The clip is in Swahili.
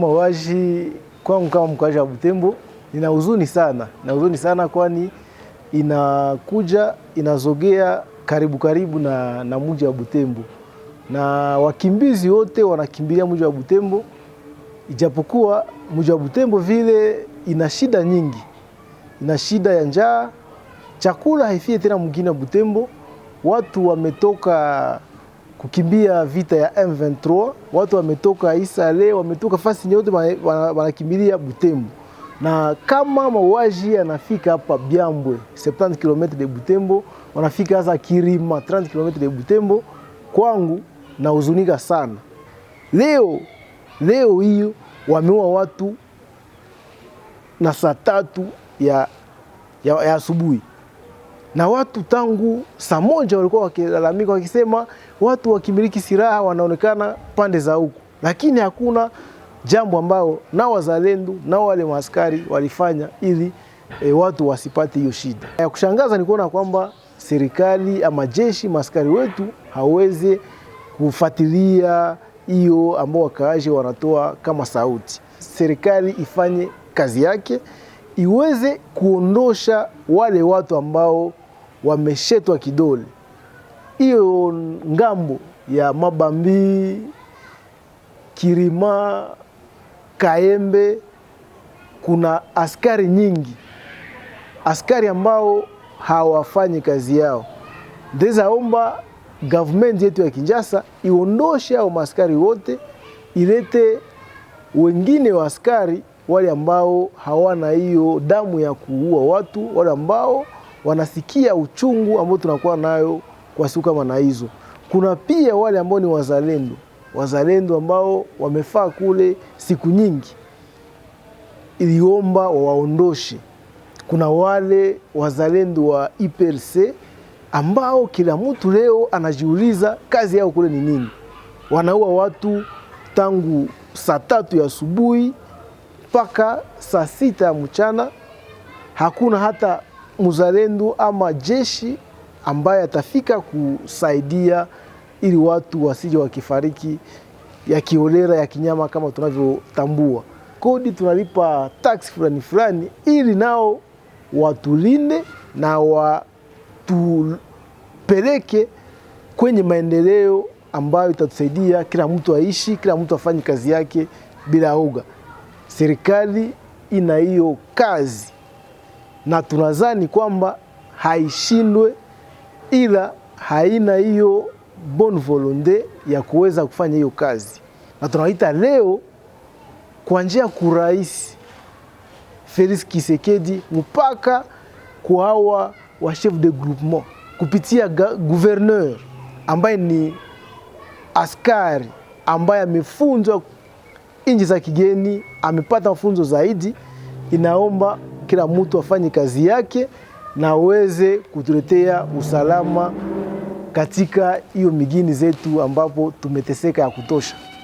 Mauaji kwangu kama mkaaji wa Butembo, nina huzuni sana, na huzuni sana kwani inakuja inazogea karibu karibu na, na mji wa Butembo na wakimbizi wote wanakimbilia mji wa Butembo, ijapokuwa mji wa Butembo vile ina shida nyingi, ina shida ya njaa, chakula haifie tena mwingine wa Butembo, watu wametoka kukimbia vita ya M23. Watu wametoka Isale, wametoka fasi nyote, wanakimbilia Butembo, na kama mauaji yanafika hapa Byambwe 70 km de Butembo, wanafika hasa Kirima 30 km de Butembo, kwangu nahuzunika sana. Leo leo hiyo wameua watu na saa tatu ya, ya, ya asubuhi na watu tangu saa moja walikuwa wakilalamika wakisema watu wakimiliki silaha wanaonekana pande za huku, lakini hakuna jambo ambao na wazalendo na wale maaskari walifanya ili e, watu wasipate hiyo shida. Ya kushangaza ni kuona kwamba serikali ama jeshi maaskari wetu hawezi kufuatilia hiyo ambao wakaaji wanatoa kama sauti. Serikali ifanye kazi yake iweze kuondosha wale watu ambao wameshetwa kidole. Hiyo ngambo ya Mabambi, Kirima, Kaembe kuna askari nyingi, askari ambao hawafanyi kazi yao. Ndezaomba government yetu ya Kinshasa iondoshe hao maaskari wote, ilete wengine wa askari wale ambao hawana hiyo damu ya kuua watu, wale ambao wanasikia uchungu ambao tunakuwa nayo kwa siku kama na hizo. Kuna pia wale ambao ni wazalendo, wazalendo ambao wamefaa kule siku nyingi, iliomba wawaondoshe. Kuna wale wazalendo wa IPLC ambao kila mtu leo anajiuliza kazi yao kule ni nini. Wanaua watu tangu saa tatu ya asubuhi mpaka saa sita ya mchana, hakuna hata mzalendo ama jeshi ambaye atafika kusaidia ili watu wasije wakifariki ya kiolera ya kinyama kama tunavyotambua. Kodi tunalipa tax fulani fulani, ili nao watulinde na watupeleke kwenye maendeleo ambayo itatusaidia kila mtu aishi, kila mtu afanye kazi yake bila uga Serikali ina hiyo kazi na tunadhani kwamba haishindwe, ila haina hiyo bon volonte ya kuweza kufanya hiyo kazi, na tunaita leo kwa njia ya kurahisi Felix Kisekedi mpaka kwa hawa wa chef de groupement kupitia gouverneur ambaye ni askari ambaye amefunzwa nchi za kigeni, amepata mafunzo zaidi, inaomba kila mtu afanye kazi yake na aweze kutuletea usalama katika hiyo migini zetu ambapo tumeteseka ya kutosha.